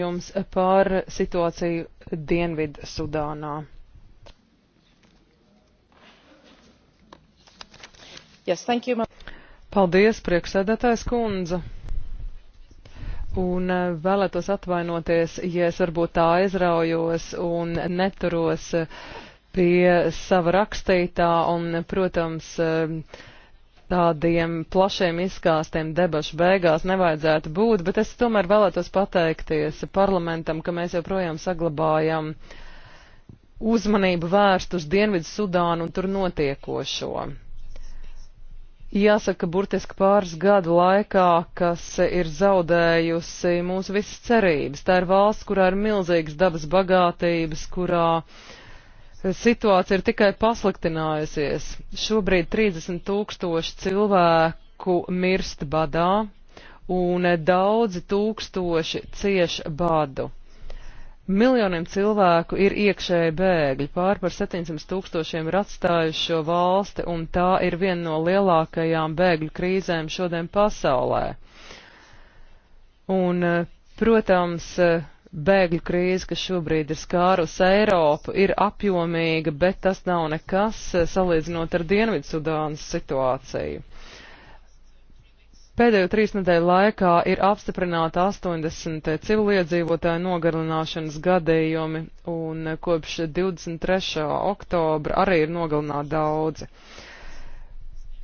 jums par situāciju Dienvidu Sudānā. Yes, thank you. Paldies, prieksēdētājs kundze. Un eh, vēlētos atvainoties, ja es varbūt tā aizraujos un neturos eh, pie sava rakstītā un, protams, eh, tādiem plašiem izkāstiem debašu beigās nevajadzētu būt, bet es tomēr vēlētos pateikties parlamentam, ka mēs joprojām saglabājam uzmanību vērst uz Dienvidu Sudānu un tur notiekošo. Jāsaka, burtiski pāris gadu laikā, kas ir zaudējusi mūsu visas cerības. Tā ir valsts, kurā ir milzīgas dabas bagātības, kurā uh, situācija ir tikai pasliktinājusies. Šobrīd 30 tūkstoši cilvēku mirst badā un daudzi tūkstoši cieš badu. Miljoniem cilvēku ir iekšēji bēgļi, pār par 700 tūkstošiem ir atstājuši šo valsti, un tā ir viena no lielākajām bēgļu krīzēm šodien pasaulē. Un, eh, protams, eh, bēgļu krīze, kas šobrīd ir skārus Eiropu, ir apjomīga, bet tas nav nekas eh, salīdzinot ar Dienvidsudānas situāciju. Pēdējo trīs nedēļu laikā ir apstiprināta 80 eh, civiliedzīvotāju nogalināšanas gadījumi, un eh, kopš 23. oktobra arī ir nogalināti daudzi. Uh,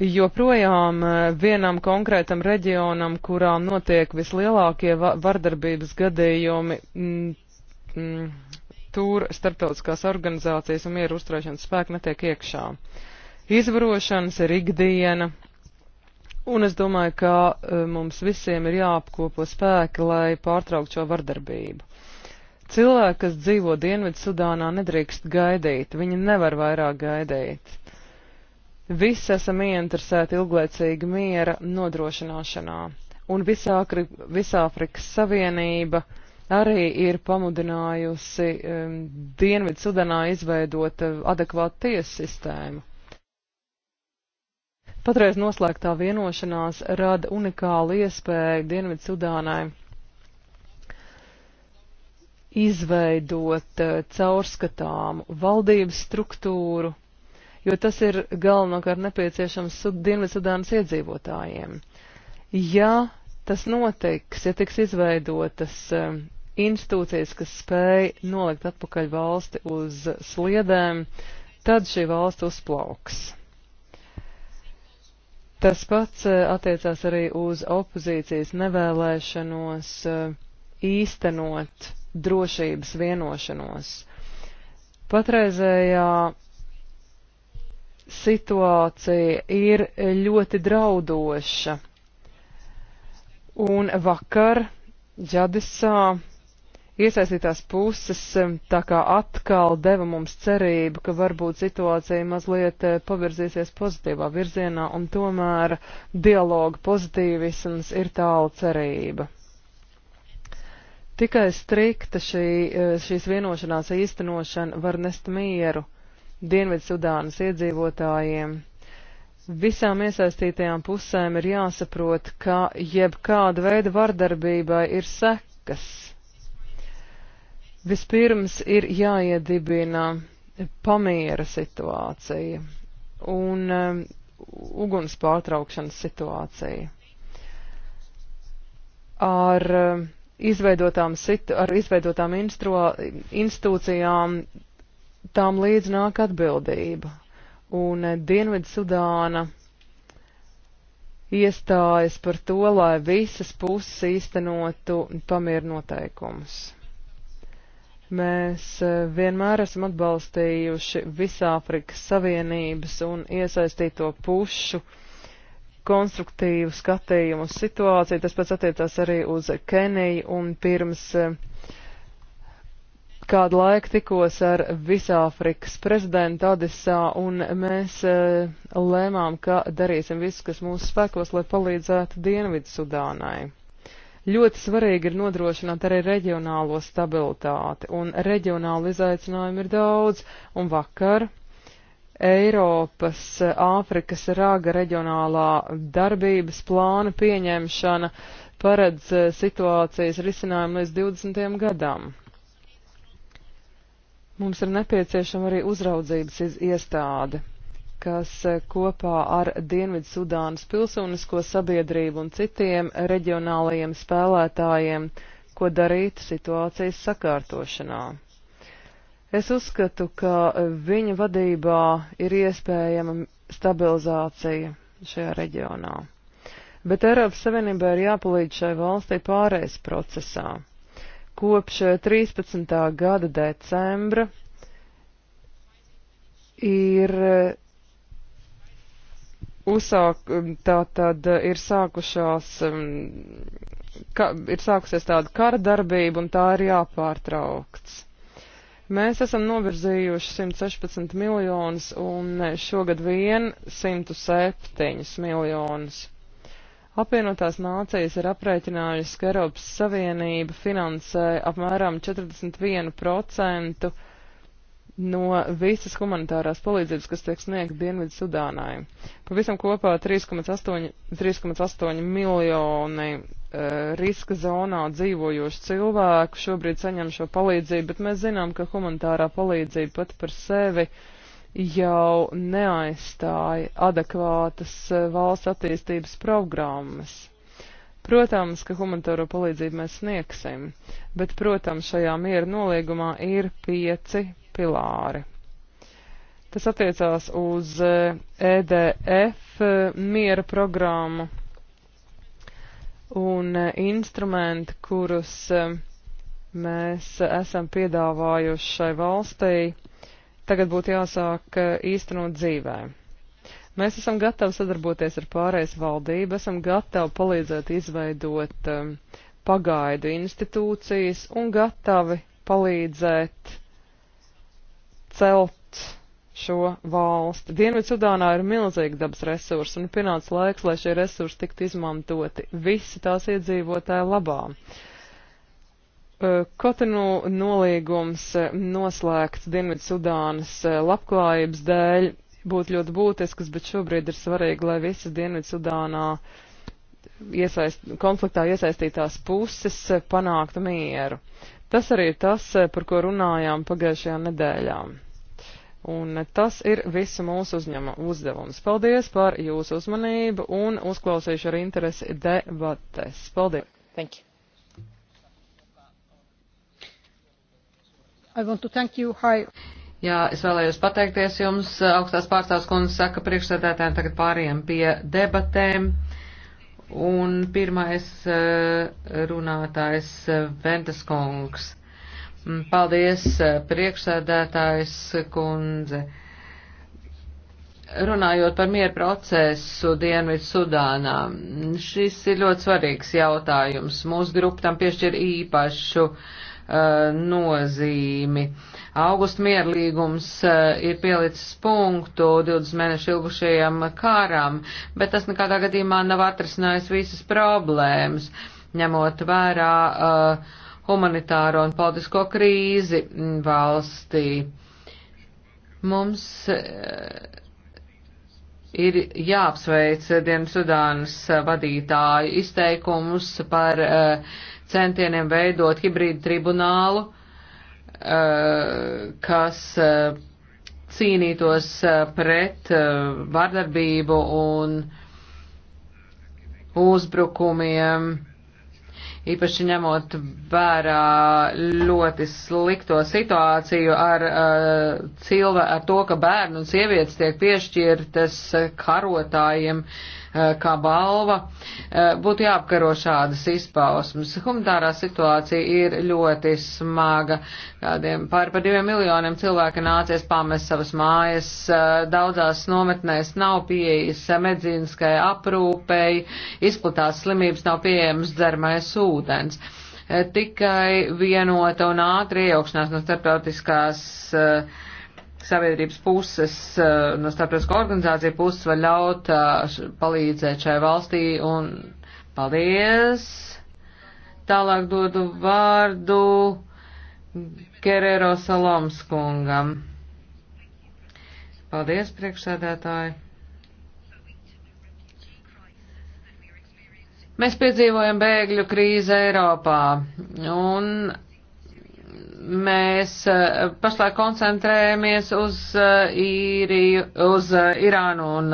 joprojām eh, vienam konkrētam reģionam, kurā notiek vislielākie vardarbības gadījumi, m, mm, m, mm, tur starptautiskās organizācijas un mieru uzturēšanas spēki netiek iekšā. Izvarošanas ir ikdiena, un es domāju, ka eh, mums visiem ir jāapkopo spēki, lai pārtraukt šo vardarbību. Cilvēki, kas dzīvo Dienvidu Sudānā, nedrīkst gaidīt, viņi nevar vairāk gaidīt Visi esam ieinteresēti ilglaicīga miera nodrošināšanā, un visā, visā Afrikas Savienība arī ir pamudinājusi um, Dienvidu Sudanā izveidot uh, adekvātu tiesu sistēmu. Patreiz noslēgtā vienošanās rada unikālu iespēju Dienvidu Sudānai izveidot uh, caurskatāmu valdības struktūru, jo tas ir galvenokārt nepieciešams Dienvidsudānas iedzīvotājiem. Ja tas notiks, ja tiks izveidotas um, institūcijas, kas spēj nolikt atpakaļ valsti uz sliedēm, tad šī valsts uzplauks. Tas pats uh, attiecās arī uz opozīcijas nevēlēšanos uh, īstenot drošības vienošanos. Patreizējā situācija ir ļoti draudoša. Un vakar Džadisā iesaistītās puses eh, tā kā atkal deva mums cerību, ka varbūt situācija mazliet eh, pavirzīsies pozitīvā virzienā, un tomēr dialoga pozitīvisms ir tāla cerība. Tikai strikta šī, eh, šīs vienošanās īstenošana var nest mieru Dienvidsudānas iedzīvotājiem. Visām iesaistītajām pusēm ir jāsaprot, ka jebkāda veida vardarbībai ir sekas. Vispirms ir jāiedibina pamiera situācija un um, uguns pārtraukšanas situācija. Ar um, izveidotām, situ, ar izveidotām instru, institūcijām tām līdz nāk atbildība. Un eh, Dienvidu Sudāna iestājas par to, lai visas puses īstenotu pamieru noteikumus. Mēs eh, vienmēr esam atbalstījuši Visāfrikas Savienības un iesaistīto pušu konstruktīvu skatījumu uz situāciju. Tas pats attiecās arī uz Keniju un pirms eh, kādu laiku tikos ar Visāfrikas prezidentu Adisā, un mēs e, lēmām, ka darīsim visu, kas mūsu spēkos, lai palīdzētu Dienvidu Sudānai. Ļoti svarīgi ir nodrošināt arī reģionālo stabilitāti, un reģionāli izaicinājumu ir daudz, un vakar Eiropas Āfrikas rāga reģionālā darbības plāna pieņemšana paredz eh, situācijas risinājumu līdz 20. gadam. Mums ir nepieciešama arī uzraudzības iestāde, kas eh, kopā ar Dienvidu Sudānas pilsonisko sabiedrību un citiem reģionālajiem spēlētājiem, ko darīt situācijas sakārtošanā. Es uzskatu, ka eh, viņa vadībā ir iespējama stabilizācija šajā reģionā. Bet Eiropas Savienībā ir jāpalīdz šai valstī pārējais procesā. Kopš 13. Eh, gada decembra ir eh, uzsāk, tā tad eh, ir sākušās, ka, ir sākusies tāda kara darbība un tā ir jāpārtraukts. Mēs esam novirzījuši 116 miljonus un šogad vien 107 miljonus. Apvienotās nācijas ir aprēķinājusi, ka Eiropas Savienība finansē apmēram 41% no visas humanitārās palīdzības, kas tiek sniegta Dienvidu Sudānai. Pavisam kopā 3,8 miljoni e, riska zonā dzīvojošu cilvēku šobrīd saņem šo palīdzību, bet mēs zinām, ka humanitārā palīdzība pat par sevi uh, jau neaizstāja adekvātas eh, valsts attīstības programmas. Protams, ka humanitāro palīdzību mēs sniegsim, bet, protams, šajā miera noliegumā ir pieci pilāri. Tas attiecās uz EDF eh, e eh, miera programmu un instrumenti, kurus mēs esam piedāvājuši šai valstī tagad būtu jāsāk eh, īstenot dzīvē. Mēs esam gatavi sadarboties ar pārējais valdību, esam gatavi palīdzēt izveidot um, pagaidu institūcijas un gatavi palīdzēt celt šo valsti. Dienvidsudānā ir milzīgi dabas resursi un pienāca laiks, lai šie resursi tiktu izmantoti visi tās iedzīvotāju labā. Uh, Eh, Kotinu nolīgums eh, noslēgts Dienvidsudānas eh, labklājības dēļ būtu ļoti būtisks, bet šobrīd ir svarīgi, lai visas Dienvidsudānā iesaist, konfliktā iesaistītās puses panāktu mieru. Tas arī ir tas, par ko runājām pagājušajā nedēļā. Un tas ir visu mūsu uzņēma uzdevums. Paldies par jūsu uzmanību un uzklausīšu ar interesi debates. Paldies! Thank you. Jā, es vēlējos pateikties jums, augstās pārstāvs kundze saka priekšsēdētājiem, tagad pāriem pie debatēm. Un pirmais eh, runātājs eh, Ventas kungs. Mm, paldies, eh, priekšsēdētājs kundze. Runājot par mieru procesu Dienvidu Sudānā, mm, šis ir ļoti svarīgs jautājums. Mūsu grupa tam piešķir īpašu uh, Eh, nozīmi. Augusta mierlīgums eh, ir pielicis punktu 20 mēnešu ilgušajam kāram, bet tas nekādā gadījumā nav atrisinājis visas problēmas, ņemot vērā uh, humanitāro un politisko krīzi valstī. Mums uh, ir jāapsveic Dienvidsudānas vadītāju izteikumus par uh, centieniem veidot hibrīdu tribunālu, eh, kas eh, cīnītos eh, pret vardarbību un uzbrukumiem, īpaši ņemot vērā ļoti slikto situāciju ar, cilvē, ar to, ka bērnu un sievietes tiek piešķirtas karotājiem. Uh, Eh, kā balva, eh, būtu jāapkaro šādas izpausmes. Humanitārā situācija ir ļoti smaga. Kādiem pār par diviem miljoniem cilvēki nācies pamest savas mājas, eh, daudzās nometnēs nav pieejas medzīniskai aprūpei, izplatās slimības nav pieejams dzeramais ūdens tikai vienota un ātri iejaukšanās no starptautiskās uh, sabiedrības puses, eh, no starptautiskā organizācija puses var ļaut eh, palīdzēt šai valstī un paldies. Tālāk dodu vārdu Gerero Salomskungam. Paldies, priekšsēdētāji. Mēs piedzīvojam bēgļu krīzi Eiropā, un mēs eh, pašlaik koncentrējamies uz, eh, īriju, uz eh, Irānu un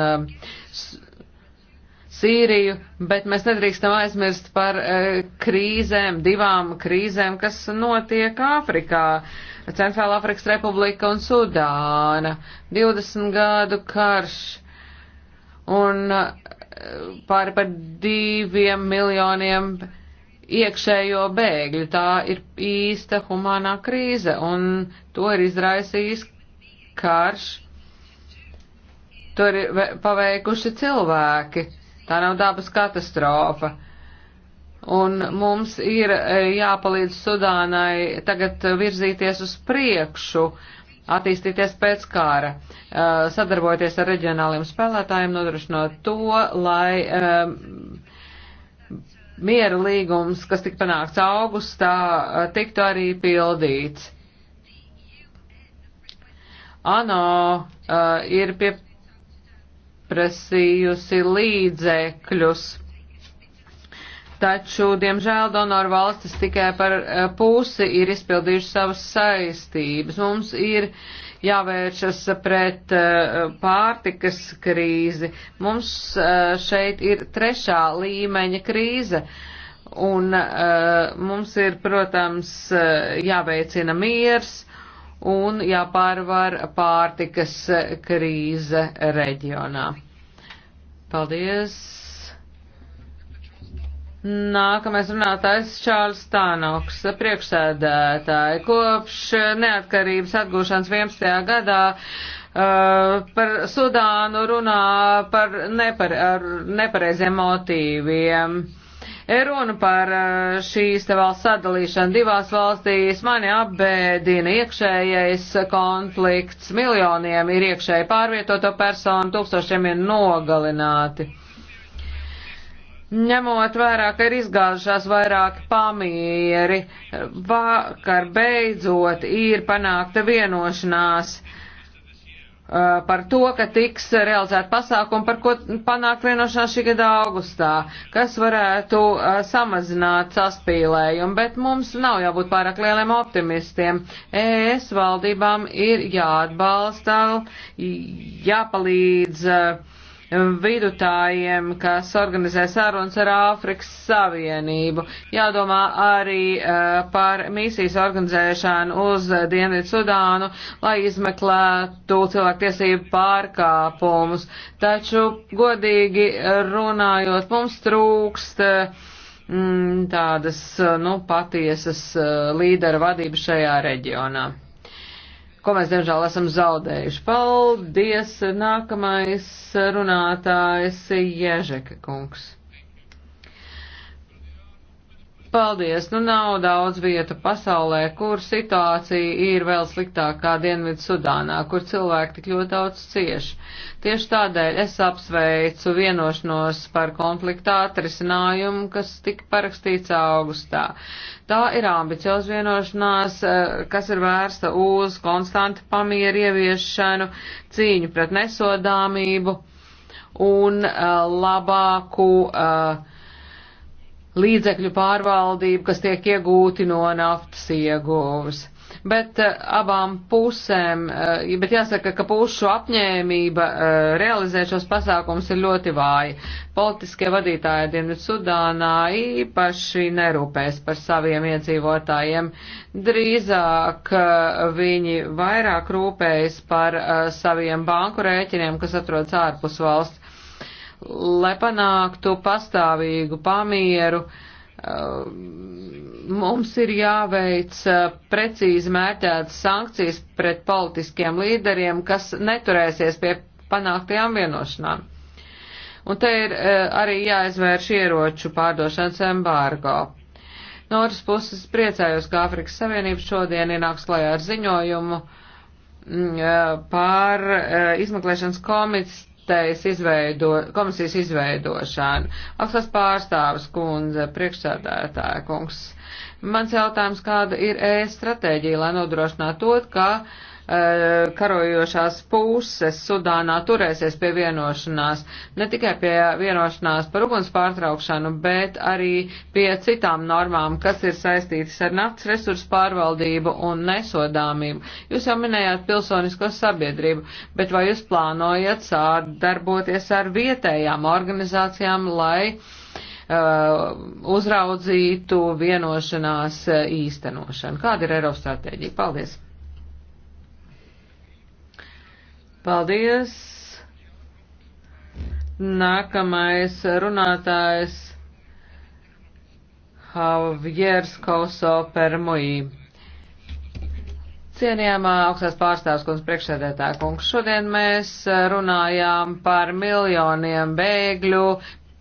Sīriju, bet mēs nedrīkstam aizmirst par krīzēm, divām krīzēm, kas notiek Āfrikā. Centrāla Afrikas Republika un Sudāna, 20 gadu karš un pāri par diviem miljoniem iekšējo bēgļu. Tā ir īsta humānā krīze, un to ir izraisījis karš. To ir paveikuši cilvēki. Tā nav dabas katastrofa. Un mums ir e, jāpalīdz Sudānai tagad virzīties uz priekšu, attīstīties pēc kāra, e, sadarboties ar reģionāliem spēlētājiem, nodrošinot to, lai e, miera līgums, kas tika panākts augustā, eh, tiktu arī pildīts. ANO uh, ir pieprasījusi līdzekļus, taču, diemžēl, donoru valstis tikai par eh, pusi ir izpildījuši savas saistības. Mums ir uh, jāvēršas pret eh, pārtikas krīzi. Mums eh, šeit ir trešā līmeņa krīze. Un uh, mums ir, protams, jāveicina miers un jāpārvar pārtikas krīze reģionā. Paldies! Nākamais runātājs Čārls Tānoks, priekšsēdētāji. Kopš neatkarības atgūšanas 11. gadā uh, par Sudānu runā par nepare, ar nepareiziem motīviem. Runa par uh, šīs te valsts sadalīšanu divās valstīs mani apbēdina iekšējais konflikts. Miljoniem ir iekšēji pārvietoto personu, tūkstošiem ir nogalināti. Ņemot vērā, ka ir izgāzušās vairāki pamieri, vakar beidzot ir panākta vienošanās par to, ka tiks realizēta pasākuma, par ko panākt vienošanās šī gada augustā, kas varētu uh, samazināt saspīlējumu, bet mums nav jābūt pārāk lieliem optimistiem. ES valdībām ir jāatbalsta, jāpalīdz uh, vidutājiem, kas organizē sarunas ar Āfrikas Savienību. Jādomā arī uh, par misijas organizēšanu uz Dienvidu Sudānu, lai izmeklētu cilvēktiesību pārkāpumus. Taču, godīgi runājot, mums trūkst mm, tādas, eh, nu, patiesas eh, līdera vadības šajā reģionā ko mēs diemžēl esam zaudējuši. Paldies! Nākamais runātājs Ježeka kungs. Paldies! Nu nav daudz vietu pasaulē, kur situācija ir vēl sliktākā Dienvidu Sudānā, kur cilvēki tik ļoti daudz cieš. Tieši tādēļ es apsveicu vienošanos par konflikta atrisinājumu, kas tika parakstīts augustā. Tā ir ambicioz vienošanās, eh, kas ir vērsta uz konstantu pamieru ieviešanu, cīņu pret nesodāmību un uh, labāku uh, līdzekļu pārvaldību, kas tiek iegūti no naftas ieguvas. Bet eh, abām pusēm, eh, bet jāsaka, ka pušu apņēmība eh, realizēt šos pasākumus ir ļoti vāja. Politiskie vadītāji Dienvidu Sudānā īpaši nerūpēs par saviem iedzīvotājiem. Drīzāk viņi vairāk rūpējas par saviem banku rēķiniem, kas atrodas ārpus valsts lai panāktu pastāvīgu pamieru, eh, mums ir jāveic eh, precīzi mērķētas sankcijas pret politiskiem līderiem, kas neturēsies pie panāktajām vienošanām. Un te ir eh, arī jāizvērš ieroču pārdošanas embargo. No otras puses priecājos, ka Āfrikas Savienība šodien ienāks klajā ar ziņojumu mm, par izmeklēšanas komitejas komitejas izveido, komisijas izveidošanu. Augstas pārstāvis kundze, priekšsēdētāja kungs. Mans jautājums, kāda ir e stratēģija, lai nodrošinātu to, ka Eh, karojošās puses Sudānā turēsies pie vienošanās, ne tikai pie vienošanās par uguns pārtraukšanu, bet arī pie citām normām, kas ir saistītas ar naftas resursu pārvaldību un nesodāmību. Jūs jau minējāt pilsonisko sabiedrību, bet vai jūs plānojat sādarboties ar vietējām organizācijām, lai uh, uzraudzītu vienošanās eh, īstenošanu. Kāda ir Eiropas stratēģija? Paldies! Paldies! Nākamais runātājs Javieris Koso Permuī. Cienījamā augstās pārstāvs kungs priekšsēdētā kungs, šodien mēs runājām par miljoniem bēgļu,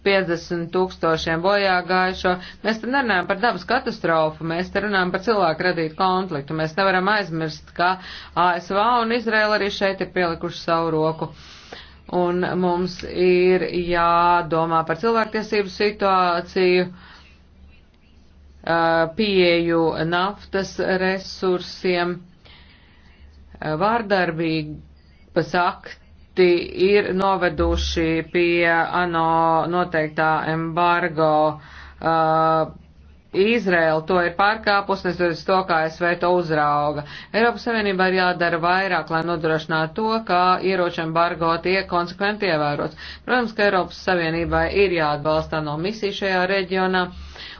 50 tūkstošiem bojā gājušo. Mēs te nerunājam par dabas katastrofu, mēs te runājam par cilvēku radītu konfliktu. Mēs nevaram aizmirst, ka ASV un Izraela arī šeit ir pielikuši savu roku. Un mums ir jādomā par cilvēktiesību situāciju, pieeju naftas resursiem, vārdarbības akti fakti ir noveduši pie ANO noteiktā embargo. Uh, Izraela to ir pārkāpus, neskatoties to, kā SV to uzrauga. Eiropas Savienībā ir jādara vairāk, lai nodrošinātu to, kā ieroču embargo tiek konsekventi ievērots. Protams, ka Eiropas Savienībai ir jāatbalsta no misija šajā reģionā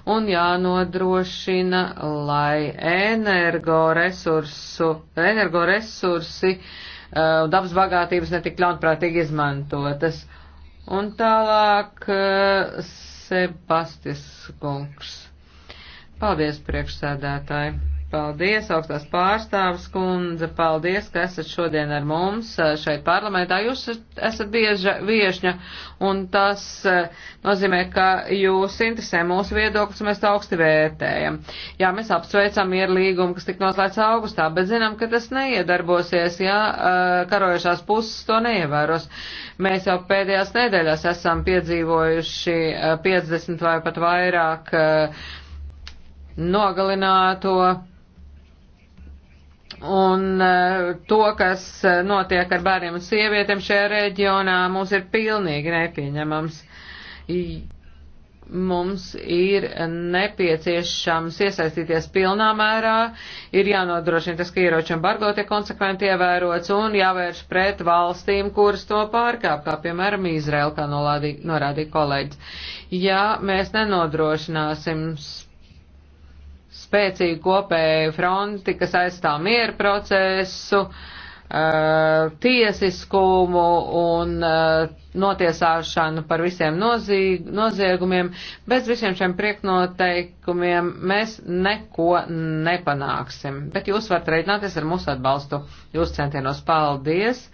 un jānodrošina, lai energoresursu, energoresursi Eh, un dabas bagātības netik ļaunprātīgi izmantotas. Un tālāk eh, Sebastis kungs. Paldies, priekšsēdētāji! Paldies, augstās pārstāvis kundze, paldies, ka esat šodien ar mums eh, šeit parlamentā. Jūs esat bieža viešņa, un tas eh, nozīmē, ka jūs interesē mūsu viedoklis, un mēs to augsti vērtējam. Jā, mēs apsveicam mieru līgumu, kas tik noslēdz augustā, bet zinām, ka tas neiedarbosies, ja eh, karojošās puses to neievēros. Mēs jau pēdējās nedēļās esam piedzīvojuši 50 vai pat vairāk nogalināto Un eh, to, kas eh, notiek ar bērniem un sievietēm šajā reģionā, mums ir pilnīgi nepieņemams. Mums ir nepieciešams iesaistīties pilnā mērā, ir jānodrošina tas, ka ieroču embargo tiek konsekventi ievērots un jāvērš pret valstīm, kuras to pārkāp, kā piemēram Izraela, kā norādīja kolēģis. Ja mēs nenodrošināsim spēcīgu kopēju fronti, kas aizstāv mieru procesu, uh, tiesiskumu un uh, notiesāšanu par visiem nozīg, noziegumiem. Bez visiem šiem prieknoteikumiem mēs neko nepanāksim. Bet jūs varat reiķināties ar mūsu atbalstu. Jūs centienos paldies.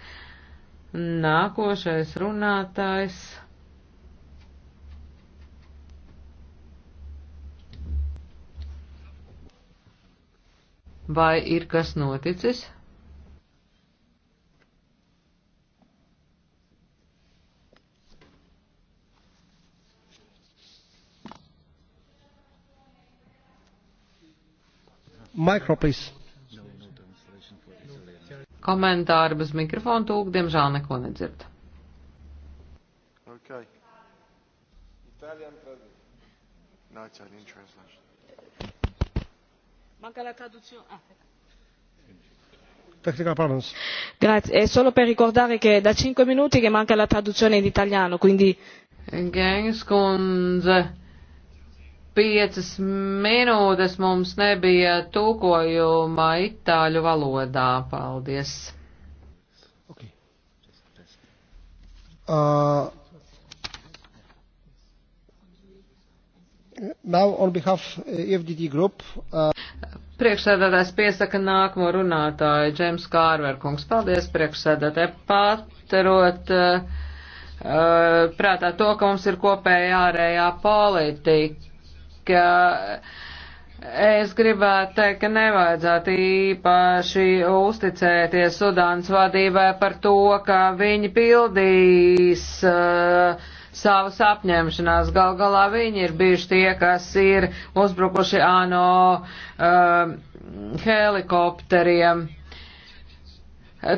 Nākošais runātājs. Vai ir kas noticis? Micro, please. Komentāri bez mikrofona tūk, diemžēl neko nedzird. Okay. Italian translation. No, Italian translation. Manca la traduzione. Ah. Grazie, è eh, solo per ricordare che è da 5 minuti che manca la traduzione in italiano, quindi... Gēngas kundze, piecas minūtes mums nebija tūkojuma itāļu valodā. Paldies. Okay. Uh, now on behalf of uh, FDD group. Uh... Priekšsēdētājs piesaka nākamo runātāju, Džems Kārverkungs. Paldies, priekšsēdētāji, paturot uh, prātā to, ka mums ir kopēja ārējā politika. Es gribētu teikt, ka nevajadzētu īpaši uzticēties Sudānas vadībai par to, ka viņi pildīs uh, savas apņemšanās. Gal galā viņi ir bijuši tie, kas ir uzbrukuši ANO uh, helikopteriem.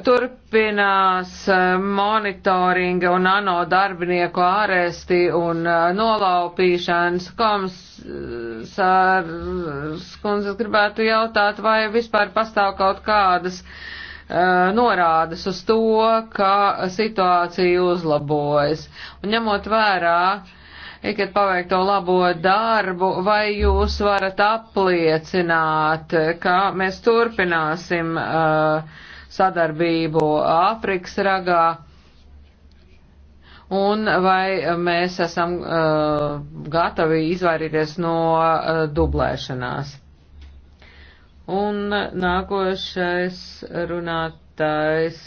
Turpinās um, monitoringa un ANO darbinieku āresti un uh, nolaupīšanas komisārs kundze gribētu jautāt, vai vispār pastāv kaut kādas uh, norādes uz to, ka situācija uzlabojas. Un ņemot vērā ikat paveikto labo darbu, vai jūs varat apliecināt, ka mēs turpināsim uh, sadarbību Āfrikas ragā? Un vai mēs esam uh, gatavi izvairīties no uh, dublēšanās? Un nākošais runātājs.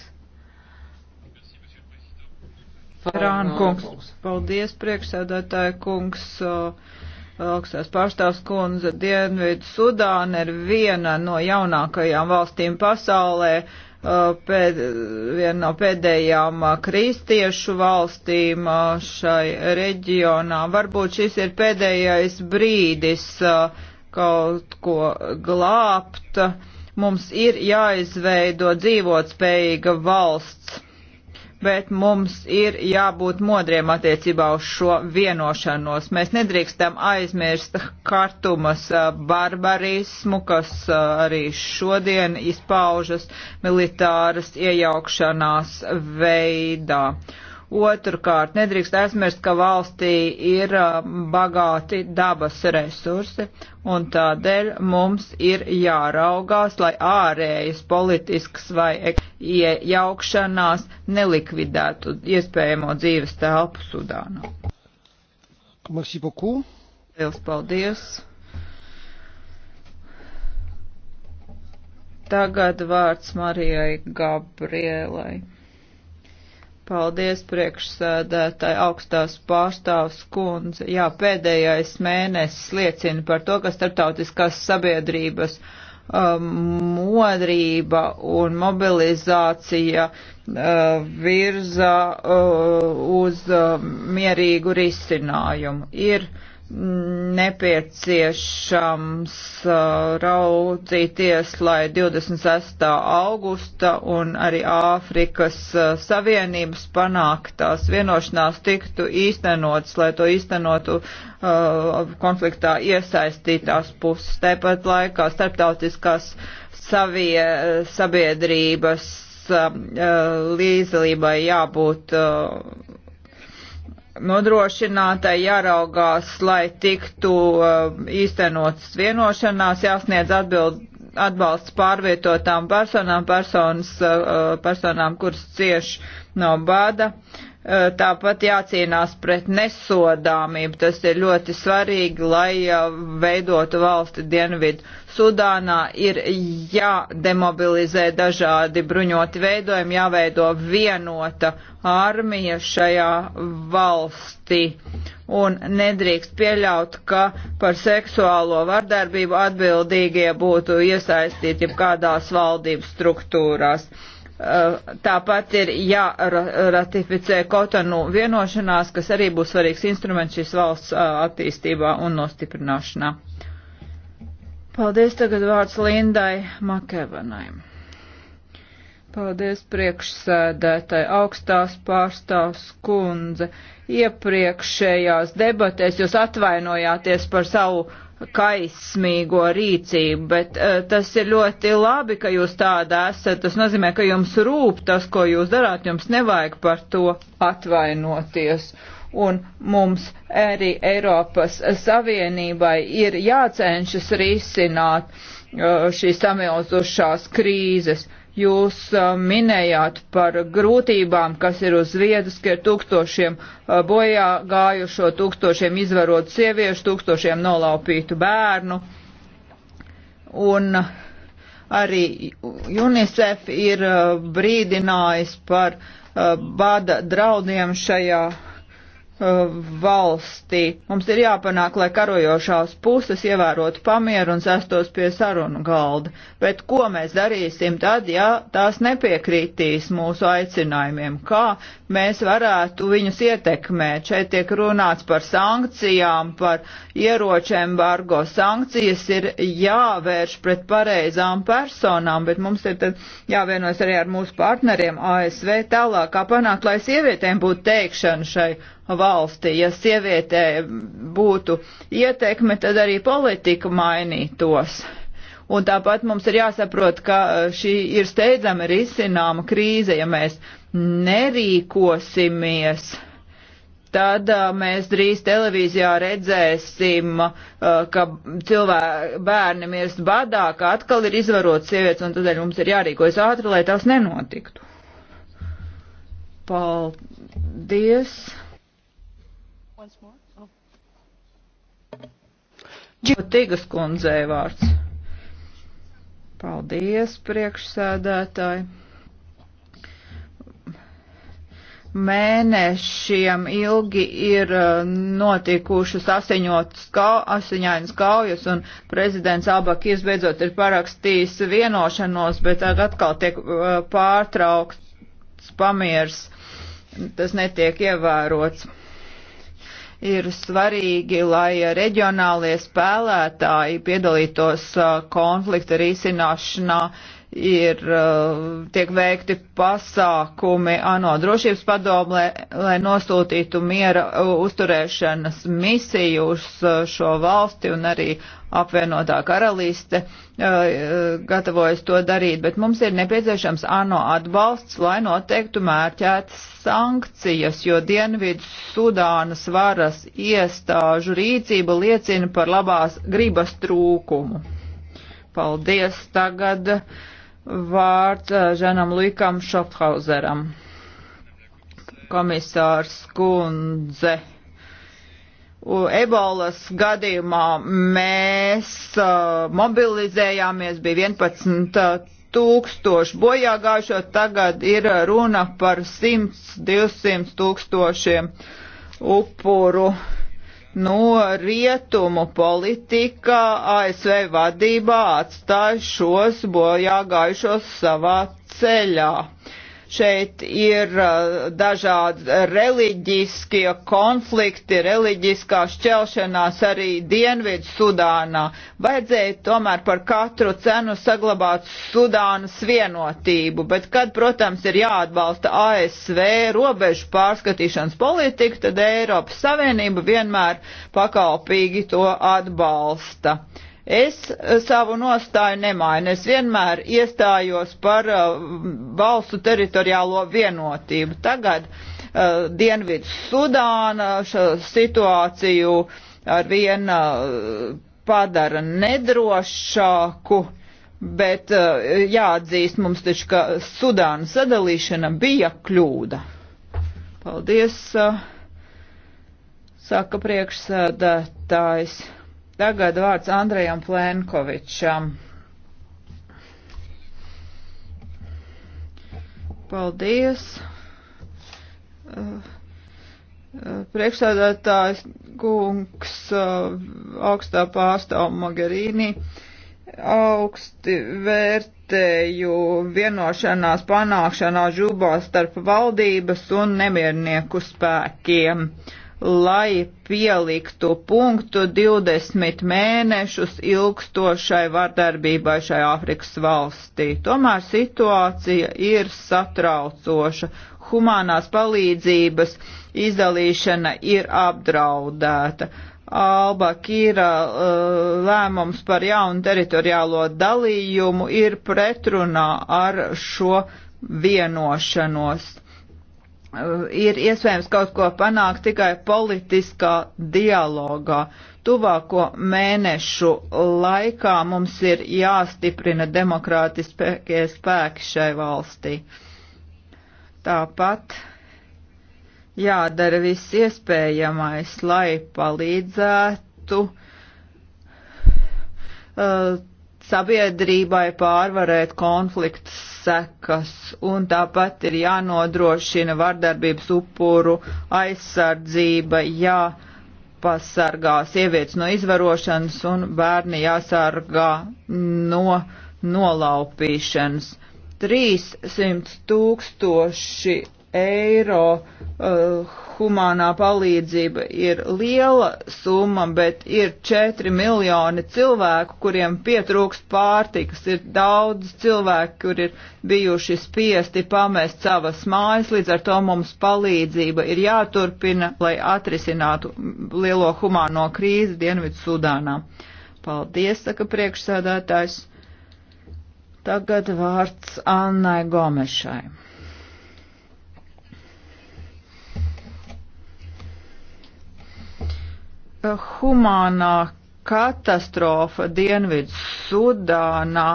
Rānkungs. Paldies, priekšsēdētāja kungs. Augstās pārstāvs kundze Dienvidu Sudāna ir viena no jaunākajām valstīm pasaulē, pēd, viena no pēdējām kristiešu valstīm šai reģionā. Varbūt šis ir pēdējais brīdis kaut ko glābt. Mums ir jāizveido dzīvotspējīga valsts, bet mums ir jābūt modriem attiecībā uz šo vienošanos. Mēs nedrīkstam aizmirst kartumas barbarismu, kas arī šodien izpaužas militāras iejaukšanās veidā. Otrkārt, nedrīkst aizmirst, ka valstī ir uh, bagāti dabas resursi, un tādēļ mums ir jāraugās, lai ārējas politisks vai iejaukšanās nelikvidētu iespējamo dzīves telpu Sudānā. Merci beaucoup. Liels paldies. Tagad vārds Marijai Gabrielai. Paldies, priekšsēdētāji, augstās pārstāvs kundze. Jā, pēdējais mēnesis liecina par to, ka starptautiskās sabiedrības um, modrība un mobilizācija uh, virza uh, uz uh, mierīgu risinājumu. Ir uh, nepieciešams uh, raudzīties, lai 26. augusta un arī Āfrikas uh, Savienības panāktās vienošanās tiktu īstenots, lai to īstenotu uh, konfliktā iesaistītās puses. Tāpat laikā starptautiskās savie, sabiedrības uh, uh līdzdalībai jābūt uh, nodrošinātai jāraugās, lai tiktu um, īstenotas vienošanās, jāsniedz atbild, atbalsts pārvietotām personām, personas, uh, personām, kuras cieš no bada. Uh, tāpat jācīnās pret nesodāmību. Tas ir ļoti svarīgi, lai uh, veidotu valsti dienvidu Sudānā ir jādemobilizē dažādi bruņoti veidojumi, jāveido vienota armija šajā valstī. Un nedrīkst pieļaut, ka par seksuālo vardarbību atbildīgie būtu iesaistīti kādās valdības struktūrās. Uh, tāpat ir jāratificē Kotonu vienošanās, kas arī būs svarīgs instruments šīs valsts uh, attīstībā un nostiprināšanā. Paldies tagad vārds Lindai Makevanai. Paldies priekšsēdētāji, augstās pārstāvs kundze. Iepriekšējās debatēs jūs atvainojāties par savu kaismīgo rīcību, bet uh, tas ir ļoti labi, ka jūs tāda esat. Tas nozīmē, ka jums rūp tas, ko jūs darāt, jums nevajag par to atvainoties. Uh, un mums arī Eiropas Savienībai ir jācenšas risināt uh, šīs samilzušās krīzes. Jūs uh, minējāt par grūtībām, kas ir uz vietas, ka ir tūkstošiem uh, bojā gājušo, tūkstošiem izvarotu sieviešu, tūkstošiem nolaupītu bērnu. Un arī UNICEF ir brīdinājis par bada draudiem šajā Uh, valstī. Mums ir jāpanāk, lai karojošās puses ievērotu pamieru un sestos pie sarunu galda. Bet ko mēs darīsim tad, ja tās nepiekritīs mūsu aicinājumiem? Kā mēs varētu viņus ietekmēt? Šeit tiek runāts par sankcijām, par ieroču embargo. Sankcijas ir jāvērš pret pareizām personām, bet mums ir tad jāvienojas arī ar mūsu partneriem ASV tālāk, kā panākt, lai sievietēm būtu teikšana šai valsti. Ja sievietē būtu ietekme, tad arī politika mainītos. Un tāpat mums ir jāsaprot, ka šī ir steidzami risināma krīze, ja mēs nerīkosimies tad uh, mēs drīz televīzijā redzēsim, uh, ka cilvēki bērni mirst badā, ka atkal ir izvarots sievietes, un tādēļ mums ir jārīkojas ātri, lai tas nenotiktu. Paldies! Tīgas kundzei vārds. Paldies, priekšsēdētāji. Mēnešiem ilgi ir uh, notikušas kā, asiņainas kaujas, un prezidents Abakis beidzot ir parakstījis vienošanos, bet tagad atkal tiek uh, pārtraukts pamiers. Tas netiek ievērots ir svarīgi, lai reģionālie spēlētāji piedalītos uh, konflikta risināšanā ir, uh, tiek veikti pasākumi ANO drošības padomu, lai, lai nosūtītu miera uh, uzturēšanas misiju uz uh, šo valsti un arī apvienotā karalīste gatavojas to darīt, bet mums ir nepieciešams ANO atbalsts, lai noteiktu mērķētas sankcijas, jo Dienvidu Sudānas varas iestāžu rīcība liecina par labās gribas trūkumu. Paldies tagad. Uh, vārds Žanam Likam Šofhauseram. Komisārs Kundze. Ebolas gadījumā mēs uh, mobilizējāmies, bija 11 tūkstoši bojāgājušo, tagad ir runa par 100-200 tūkstošiem upuru. Uh, no rietumu politika ASV vadībā atstāja šos bojā gājušos savā ceļā. Šeit ir uh, dažādi reliģiskie konflikti, reliģiskā šķelšanās arī Dienvidu Sudānā. Vajadzēja tomēr par katru cenu saglabāt Sudānas vienotību, bet kad, protams, ir jāatbalsta ASV robežu pārskatīšanas politika, tad Eiropas Savienība vienmēr pakalpīgi to atbalsta. Uh, Es eh, savu nostāju nemainu. Es vienmēr iestājos par uh, valstu teritoriālo vienotību. Tagad uh, Dienvidu Sudāna situāciju ar vienu uh, padara nedrošāku, bet uh, jāatzīst mums taču, ka Sudāna sadalīšana bija kļūda. Paldies, uh, saka priekšsēdētājs. Uh, Tagad vārds Andrejam Plēnkovičam. Paldies. Priekšsēdētājs kungs, augstā pārstāva Mogherīni, augsti vērtēju vienošanās panākšanā žubā starp valdības un nemiernieku spēkiem. Uh, lai pieliktu punktu 20 mēnešus ilgstošai vardarbībai šai Āfrikas valstī. Tomēr situācija ir satraucoša. Humanās palīdzības izdalīšana ir apdraudēta. Alba Kīra eh, lēmums par jaunu teritoriālo dalījumu ir pretrunā ar šo vienošanos ir iespējams kaut ko panākt tikai politiskā dialogā. Tuvāko mēnešu laikā mums ir jāstiprina demokrātiskie spēki šai valstī. Tāpat jādara viss iespējamais, lai palīdzētu uh, sabiedrībai pārvarēt konflikts sekas, un tāpat ir jānodrošina vardarbības upuru aizsardzība, jāpasargā sievietes no izvarošanas un bērni jāsargā no nolaupīšanas. 300 tūkstoši eiro uh, eh, humānā palīdzība ir liela summa, bet ir 4 miljoni cilvēku, kuriem pietrūkst pārtikas. Ir daudz cilvēku, kur ir bijuši spiesti pamest savas mājas, līdz ar to mums palīdzība ir jāturpina, lai atrisinātu lielo humāno krīzi Dienvidu Sudānā. Paldies, saka priekšsēdētājs. Tagad vārds Annai Gomešai. humānā katastrofa Dienvidu Sudānā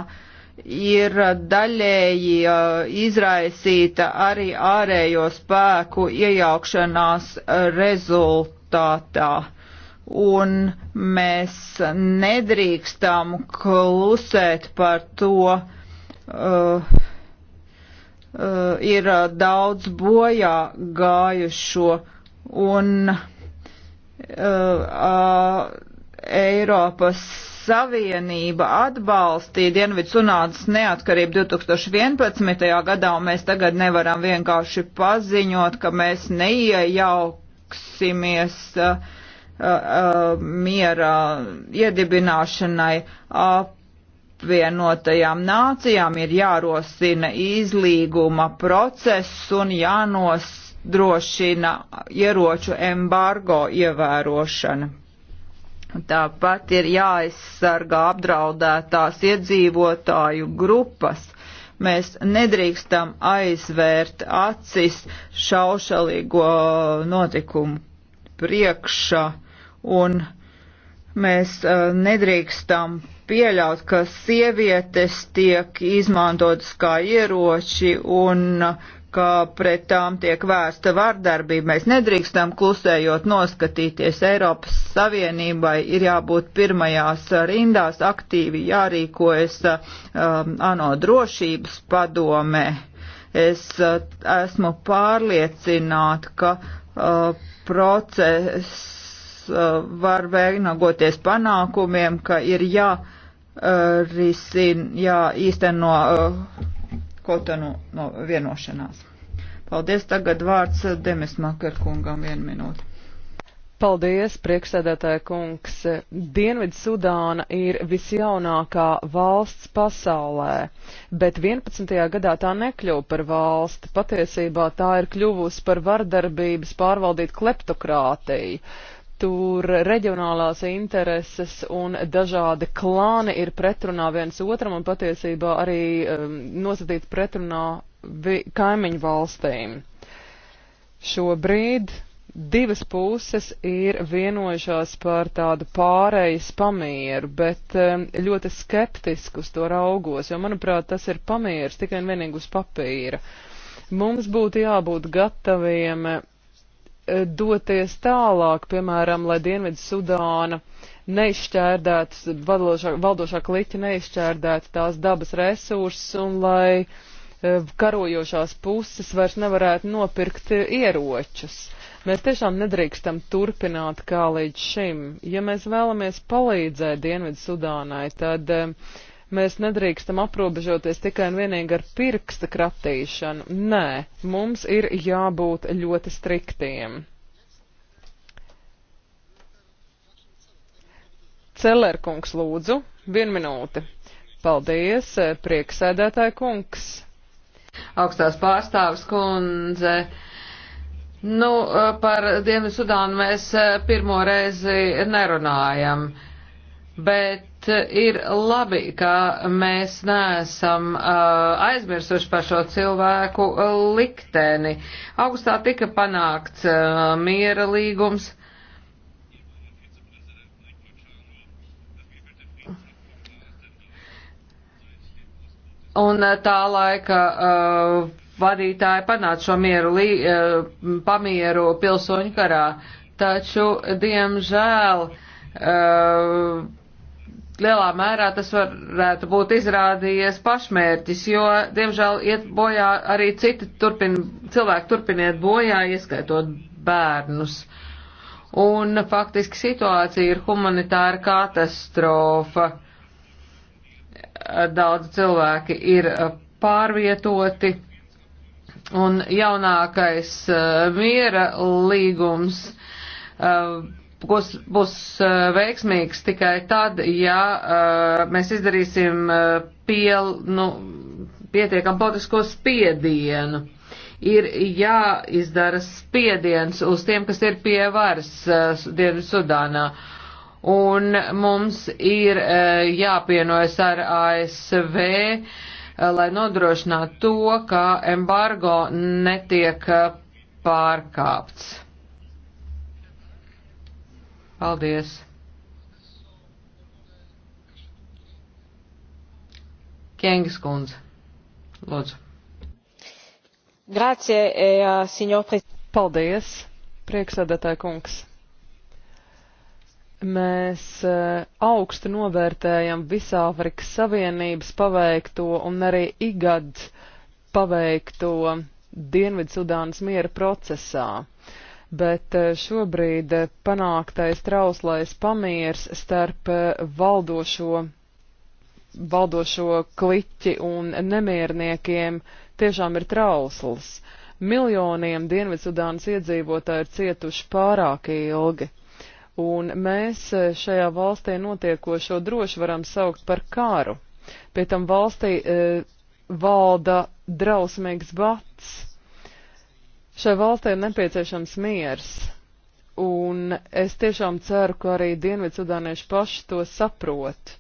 ir daļēji uh, izraisīta arī ārējo spēku iejaukšanās rezultātā. Un mēs nedrīkstam klusēt par to, uh, uh, ir daudz bojā gājušo un uh, uh, Eiropas Savienība atbalstīja Dienvidu Sunādas neatkarību 2011. gadā, un mēs tagad nevaram vienkārši paziņot, ka mēs neiejauksimies uh, uh, miera iedibināšanai. Uh, apvienotajām nācijām ir jārosina izlīguma process un jānos drošina ieroču embargo ievērošana. Tāpat ir jāaizsargā apdraudētās iedzīvotāju grupas. Mēs nedrīkstam aizvērt acis šaušalīgo notikumu priekšā, un mēs uh, nedrīkstam pieļaut, ka sievietes tiek izmantotas kā ieroči un ka pret tām tiek vērsta vardarbība. Mēs nedrīkstam klusējot noskatīties. Eiropas Savienībai ir jābūt pirmajās rindās, aktīvi jārīkojas um, ANO drošības padomē. Es uh, esmu pārliecināta, ka uh, process uh, var vainagoties panākumiem, ka ir jārisina, uh, jāīsteno. Uh, Kotanu no vienošanās. Paldies, tagad vārds Demis Makarkungam vienu minūti. Paldies, priekšsēdētāja kungs. Dienvidu Sudāna ir visjaunākā valsts pasaulē, bet 11. gadā tā nekļuva par valsti. Patiesībā tā ir kļuvusi par vardarbības pārvaldīt kleptokrātiju tur reģionālās intereses un dažādi klāni ir pretrunā viens otram un patiesībā arī um, nosacīts pretrunā kaimiņu valstīm. Šobrīd divas puses ir vienojušās par tādu pārējas pamieru, bet um, ļoti skeptisku uz to raugos, jo, manuprāt, tas ir pamieris tikai un vienīgi uz papīra. Mums būtu jābūt gataviem doties tālāk, piemēram, lai Dienvidu Sudāna neizšķērdētas, valdošā, valdošā kliķa neizšķērdētu tās dabas resursus un lai e, karojošās puses vairs nevarētu nopirkt e, ieročus. Mēs tiešām nedrīkstam turpināt kā līdz šim. Ja mēs vēlamies palīdzēt Dienvidu Sudānai, tad uh, Mēs nedrīkstam aprobežoties tikai un vienīgi ar pirksta kratīšanu. Nē, mums ir jābūt ļoti striktiem. Celerkungs lūdzu, vienu minūti. Paldies, prieksēdētāja kungs. Augstās pārstāvis kundze. Nu, par Dienvidu Sudānu mēs eh, pirmo reizi nerunājam, bet Eh, ir labi, ka mēs neesam uh, aizmirsuši par šo cilvēku eh, likteni. Augustā tika panākts uh, miera līgums. Un tā laika uh, vadītāji panāca šo mieru, lī, uh, pamieru pilsoņu karā. Taču, diemžēl, uh, lielā mērā tas varētu būt izrādījies pašmērķis, jo, diemžēl, iet bojā arī citi turpin, cilvēki turpiniet bojā, ieskaitot bērnus. Un faktiski situācija ir humanitāra katastrofa. Daudz cilvēki ir pārvietoti, un jaunākais uh, miera līgums uh, būs, būs eh, veiksmīgs tikai tad, ja eh, mēs izdarīsim eh, piel, nu, pietiekam politisko spiedienu. Ir jāizdara spiediens uz tiem, kas ir pie varas Dienvidu Sudānā. Un mums ir jāpienojas ar ASV, lai nodrošinātu to, ka embargo netiek pārkāpts. Paldies! Kengas kundze, lūdzu. Grācie, eh, signor prezidents. Paldies, prieksēdētāja kungs. Mēs eh, augstu novērtējam Visāfrikas Savienības paveikto un arī IGAD paveikto Dienvidsudānas miera procesā bet eh, šobrīd eh, panāktais trauslais pamiers starp eh, valdošo, valdošo kliķi un nemierniekiem tiešām ir trausls. Miljoniem Dienvidsudānas iedzīvotāji ir cietuši pārāk ilgi, un mēs šajā valstī notiekošo droši varam saukt par kāru. Pie tam valstī e, valda drausmīgs bats Šai valstī ir nepieciešams miers, un es tiešām ceru, ka arī dienvidsudānieši paši to saprot.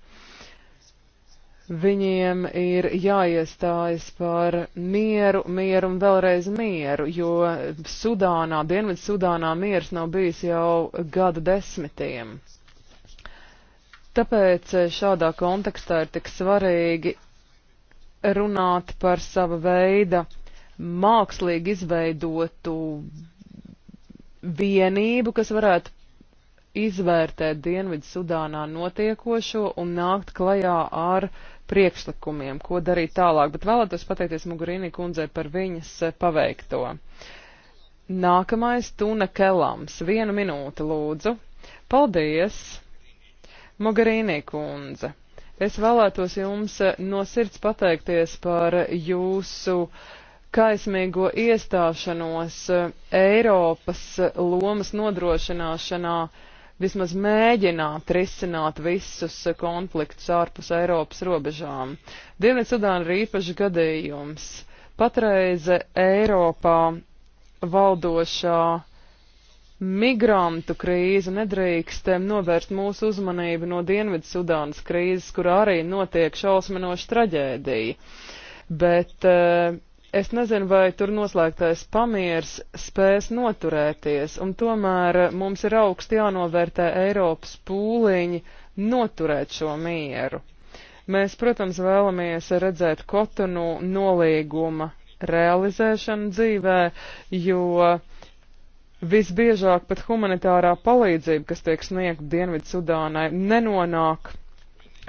Viņiem ir jāiestājas par mieru, mieru un vēlreiz mieru, jo Sudānā, Dienvidsudānā miers nav bijis jau gada desmitiem. Tāpēc šādā kontekstā ir tik svarīgi runāt par sava veida mākslīgi izveidotu vienību, kas varētu izvērtēt Dienvidu Sudānā notiekošo un nākt klajā ar priekšlikumiem, ko darīt tālāk, bet vēlētos pateikties Mugurīnī kundzei par viņas eh, paveikto. Nākamais Tuna Kelams. Vienu minūti, lūdzu. Paldies, Mugurīnī kundze. Es vēlētos jums eh, no sirds pateikties par jūsu uh, kaismīgo iestāšanos eh, Eiropas eh, lomas nodrošināšanā vismaz mēģināt risināt visus eh, konfliktus ārpus Eiropas robežām. Dienvidsudāna ir īpašs gadījums. Patreiz Eiropā valdošā migrantu krīze nedrīkstam novērst mūsu uzmanību no Dienvidsudānas krīzes, kur arī notiek šausminoša traģēdija. Bet uh, Es nezinu, vai tur noslēgtais pamiers spēs noturēties, un tomēr mums ir augsti jānovērtē Eiropas pūliņi noturēt šo mieru. Mēs, protams, vēlamies redzēt kotonu nolīguma realizēšanu dzīvē, jo visbiežāk pat humanitārā palīdzība, kas tiek sniegta Dienvidu Sudānai, nenonāk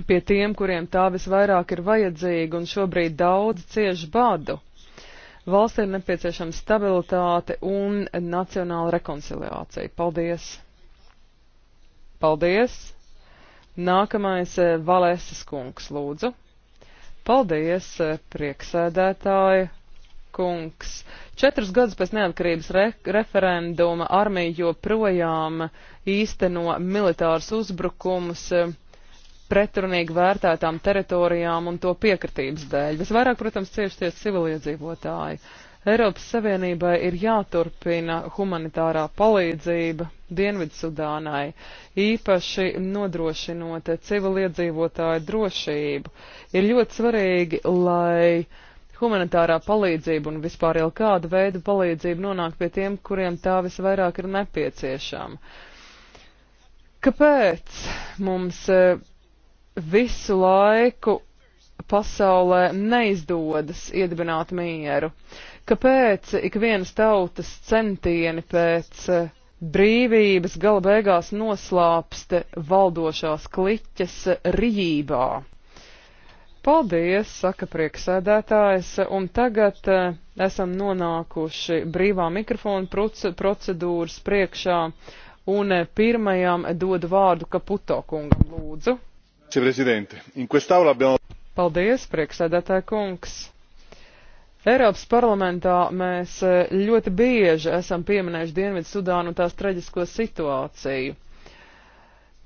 pie tiem, kuriem tā visvairāk ir vajadzīga, un šobrīd daudz cieši badu. Valstī ir nepieciešama stabilitāte un nacionāla rekonciliācija. Paldies! Paldies! Nākamais eh, Valēsas kungs, lūdzu. Paldies, eh, prieksēdētāji, kungs. Četrus gadus pēc neatkarības re referenduma armija joprojām īsteno militārus uzbrukumus eh, pretrunīgi vērtētām teritorijām un to piekritības dēļ. Visvairāk, protams, ciešties civiliedzīvotāji. Eiropas Savienībai ir jāturpina humanitārā palīdzība Dienvidsudānai, īpaši nodrošinot civiliedzīvotāju drošību. Ir ļoti svarīgi, lai humanitārā palīdzība un vispār jau kāda veida palīdzība nonāk pie tiem, kuriem tā visvairāk ir nepieciešama. Kāpēc mums eh, visu laiku pasaulē neizdodas iedibināt mieru. Kāpēc ik vienas tautas centieni pēc eh, brīvības gala beigās noslāpst valdošās kliķes rījībā? Paldies, saka prieksēdētājs, un tagad eh, esam nonākuši brīvā mikrofona procedūras priekšā, un eh, pirmajam dodu vārdu Kaputo kungam lūdzu. Paldies, prieksēdētāja kungs! Eiropas parlamentā mēs eh, ļoti bieži esam pieminējuši Dienvidu Sudānu un tās traģisko situāciju.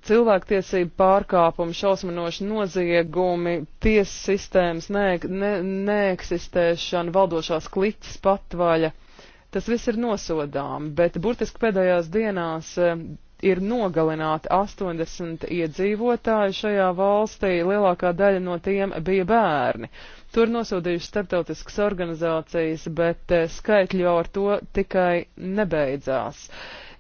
Cilvēktiesību pārkāpumi, šausminoši noziegumi, tiesas sistēmas ne, ne, neeksistēšana, valdošās kliķis patvaļa. Tas viss ir nosodām, bet burtiski pēdējās dienās eh, ir nogalināti 80 iedzīvotāji šajā valstī, lielākā daļa no tiem bija bērni. Tur nosodījuši starptautiskas organizācijas, bet eh, skaitļi jau ar to tikai nebeidzās.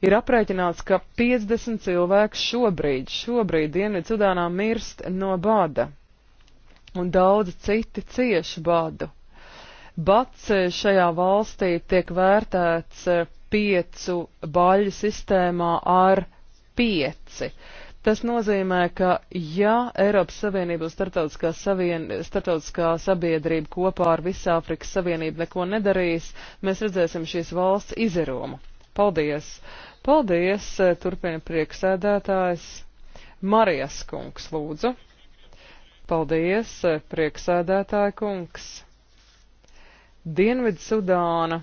Ir aprēķināts, ka 50 cilvēki šobrīd, šobrīd Dienvidzudānā mirst no bada, un daudzi citi cieši badu. Bats eh, šajā valstī tiek vērtēts eh, piecu baļu sistēmā ar pieci. Tas nozīmē, ka ja Eiropas Savienība un starptautiskā, savien, starptautiskā sabiedrība kopā ar Visāfrikas Savienību neko nedarīs, mēs redzēsim šīs valsts izirumu. Paldies! Paldies! Eh, turpina prieksēdētājs Marijas kungs, lūdzu. Paldies, eh, prieksēdētāja kungs. Dienvidsudāna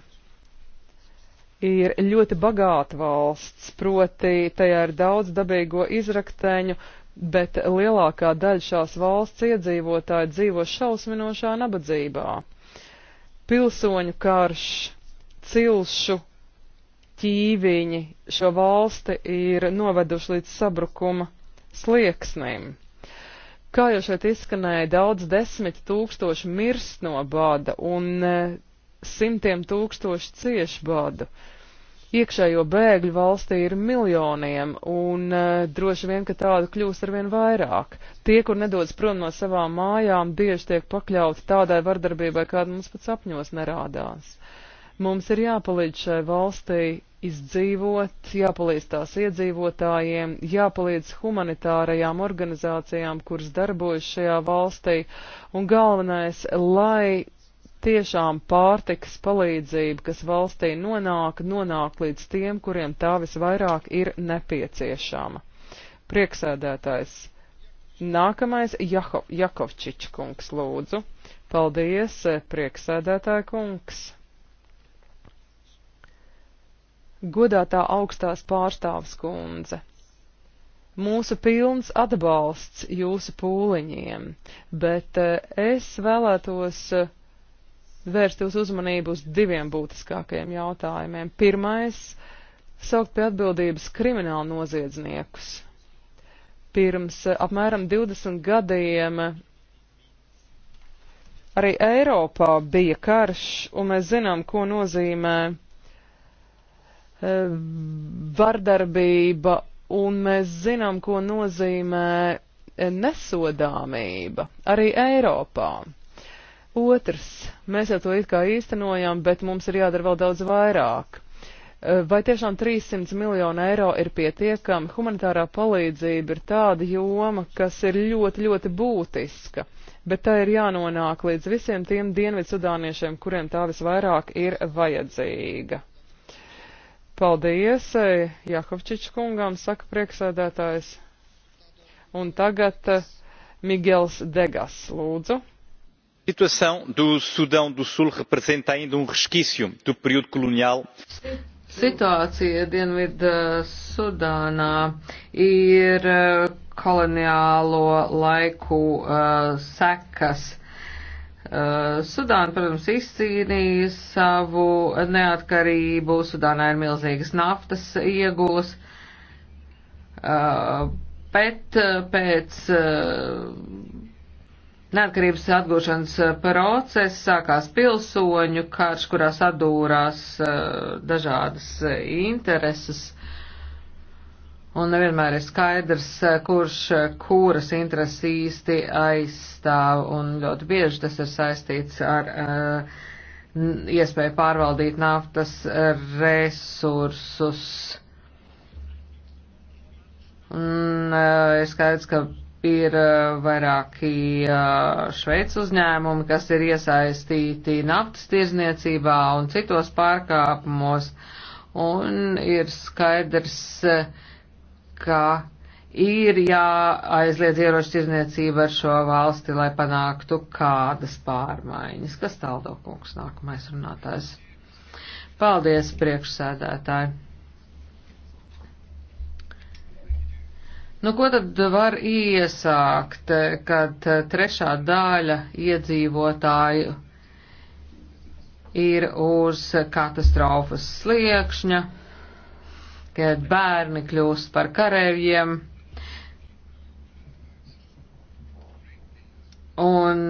ir ļoti bagāta valsts, proti tajā ir daudz dabīgo izrakteņu, bet lielākā daļa šās valsts iedzīvotāji dzīvo šausminošā nabadzībā. Pilsoņu karš, cilšu ķīviņi šo valsti ir noveduši līdz sabrukuma slieksnim. Kā jau šeit izskanēja, daudz desmit tūkstoši mirst no bada, un eh, simtiem tūkstoši ciešbadu. Iekšējo bēgļu valstī ir miljoniem, un uh, droši vien, ka tādu kļūs arvien vairāk. Tie, kur nedodas prom no savām mājām, bieži tiek pakļauti tādai vardarbībai, kāda mums pat sapņos nerādās. Mums ir jāpalīdz šai valstī izdzīvot, jāpalīdz tās iedzīvotājiem, jāpalīdz humanitārajām organizācijām, kuras darbojas šajā valstī, un galvenais, lai tiešām pārtikas palīdzība, kas valstī nonāk, nonāk līdz tiem, kuriem tā visvairāk ir nepieciešama. Prieksēdētājs. Nākamais Jako, Jakovčič kungs lūdzu. Paldies, eh, prieksēdētāja kungs. Godātā augstās pārstāvs kundze mūsu pilns atbalsts jūsu pūliņiem, bet eh, es vēlētos eh, vērst jūs uzmanību uz diviem būtiskākajiem jautājumiem. Pirmais - saukt pie atbildības kriminālu noziedzniekus. Pirms eh, apmēram 20 gadiem arī Eiropā bija karš, un mēs zinām, ko nozīmē eh, vardarbība, un mēs zinām, ko nozīmē eh, nesodāmība arī Eiropā. Otrs, mēs jau to it kā īstenojam, bet mums ir jādara vēl daudz vairāk. Eh, vai tiešām 300 miljonu eiro ir pietiekami? Humanitārā palīdzība ir tāda joma, kas ir ļoti, ļoti būtiska, bet tā ir jānonāk līdz visiem tiem dienvidsudāniešiem, kuriem tā visvairāk ir vajadzīga. Paldies eh, Jakovčiča kungam, saka prieksēdētājs. Un tagad eh, Migels Degas, lūdzu a situação do sudão do sul representa ainda um resquício do período colonial Situācija Dienvidu Sudānā ir eh, koloniālo laiku uh, sekas. Uh, Sudāna, protams, izcīnīja savu neatkarību, Sudānā ir milzīgas naftas iegūs, uh, bet pēc uh, Neatkarības atgūšanas eh, process sākās pilsoņu karš, kurās atdūrās eh, dažādas eh, intereses. Un nevienmēr ir skaidrs, kurš kuras intereses īsti aizstāv, un ļoti bieži tas ir saistīts ar uh, iespēju pārvaldīt naftas resursus. Un uh, ir skaidrs, ka ir eh, vairāki eh, šveic uzņēmumi, kas ir iesaistīti naftas tirzniecībā un citos pārkāpumos, un ir skaidrs, eh, ka ir jāaizliedz ieroču tirzniecība ar šo valsti, lai panāktu kādas pārmaiņas. Kas tāldokungs nākamais runātājs? Paldies, priekšsēdētāji! Nu, ko tad var iesākt, kad trešā daļa iedzīvotāju ir uz katastrofas sliekšņa, kad bērni kļūst par karēviem? Un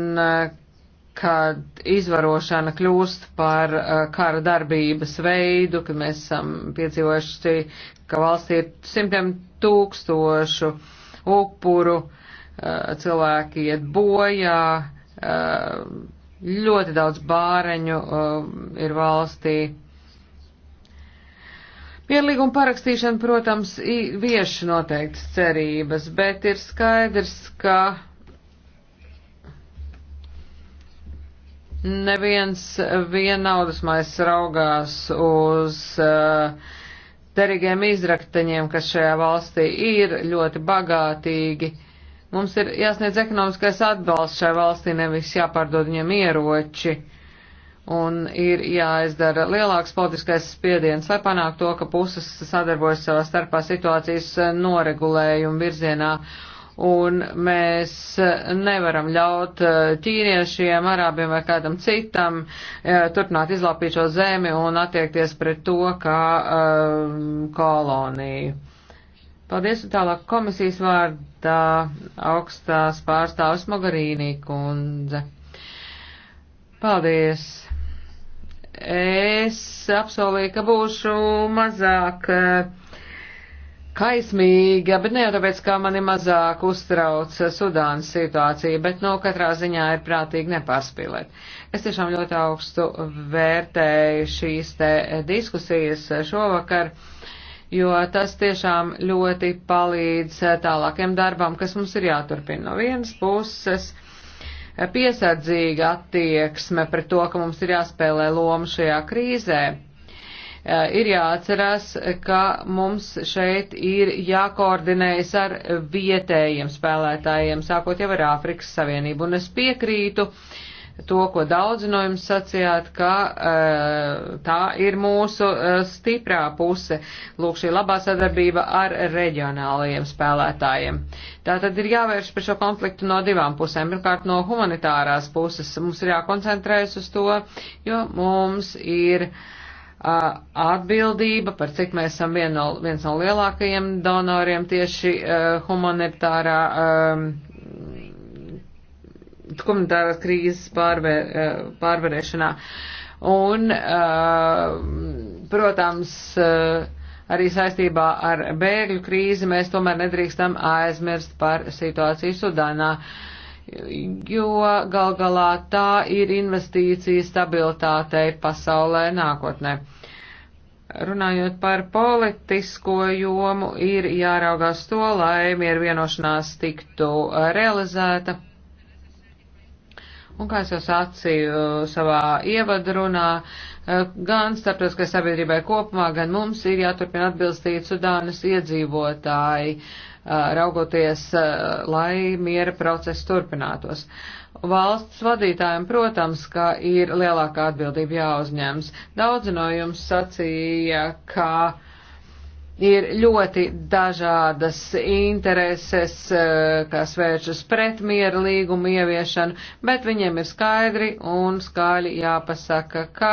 kad izvarošana kļūst par eh, kara darbības veidu, ka mēs esam piedzīvojuši, ka valstī ir simtiem tūkstošu upuru, eh, cilvēki iet bojā, eh, ļoti daudz bāreņu ir valstī. Pielīguma parakstīšana, protams, vieš noteikts cerības, bet ir skaidrs, ka Neviens vienaudas mais raugās uz uh, derīgiem izrakteņiem, kas šajā valstī ir ļoti bagātīgi. Mums ir jāsniedz ekonomiskais atbalsts šai valstī, nevis jāpārdod viņiem ieroči. Un ir jāizdara lielāks politiskais spiediens, lai panāktu to, ka puses sadarbojas savā starpā situācijas noregulējumu virzienā un mēs nevaram ļaut eh, ķīniešiem, arābiem vai kādam citam eh, turpināt izlāpīt šo zemi un attiekties pret to kā um, koloniju. Paldies un tālāk komisijas vārdā augstās pārstāvis Mogarīnī kundze. Paldies. Es apsolīju, ka būšu mazāk uh, kaismīga, bet ne jau tāpēc, ka mani mazāk uztrauc Sudānas situācija, bet no nu, katrā ziņā ir prātīgi nepārspīlēt. Es tiešām ļoti augstu vērtēju šīs te diskusijas šovakar, jo tas tiešām ļoti palīdz tālākiem darbam, kas mums ir jāturpina no vienas puses piesardzīga attieksme pret to, ka mums ir jāspēlē loma šajā krīzē Eh, ir jāatcerās, ka mums šeit ir jākoordinējas ar vietējiem spēlētājiem, sākot jau ar Āfrikas Savienību. Un es piekrītu to, ko daudzi no jums sacījāt, ka eh, tā ir mūsu eh, stiprā puse, lūk, šī labā sadarbība ar reģionālajiem spēlētājiem. Tā tad ir jāvērš par šo konfliktu no divām pusēm. Pirmkārt, no humanitārās puses mums ir jākoncentrējas uz to, jo mums ir. Uh, atbildība par cik mēs esam vien no, viens no lielākajiem donoriem tieši e, humanitārā humanitāras e, krīzes pārver, e, pārvarēšanā. Un, protams, arī saistībā ar bēgļu krīzi mēs tomēr nedrīkstam aizmirst par situāciju Sudānā. Uh, jo gal galā tā ir investīcija stabilitātei pasaulē nākotnē. Runājot par politisko jomu, ir jāraugās to, lai mieru vienošanās tiktu realizēta. Un kā es jau sacīju uh, savā ievadrunā, uh, gan starptautiskai sabiedrībai kopumā, gan mums ir jāturpina atbilstīt Sudānas iedzīvotāji. Uh, raugoties, lai miera process turpinātos. Valsts vadītājiem, protams, ka ir lielākā atbildība jāuzņems. Daudzi no jums sacīja, ka ir ļoti dažādas intereses, kas vēršas pret miera līgumu ieviešanu, bet viņiem ir skaidri un skaļi jāpasaka, ka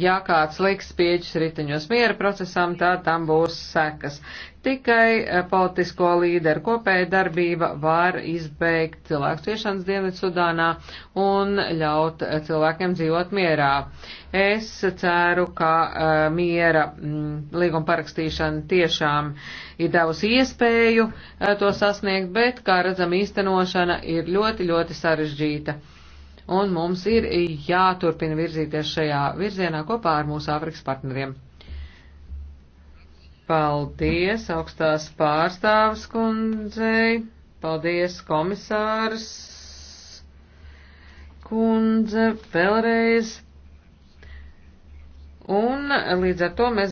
ja kāds liks pieķis riteņos miera procesam, tad tam būs sekas. Tikai eh, politisko līderu kopēja darbība var izbeigt cilvēku ciešanas Dienvidsudānā un ļaut eh, cilvēkiem dzīvot mierā. Es ceru, ka uh, miera mm, līguma parakstīšana tiešām ir devusi iespēju uh, to sasniegt, bet, kā redzam, īstenošana ir ļoti, ļoti sarežģīta. Un mums ir jāturpina virzīties šajā virzienā kopā ar mūsu Āfrikas partneriem. Paldies augstās pārstāvas kundzei, paldies komisārs kundze vēlreiz. Un līdz ar to mēs.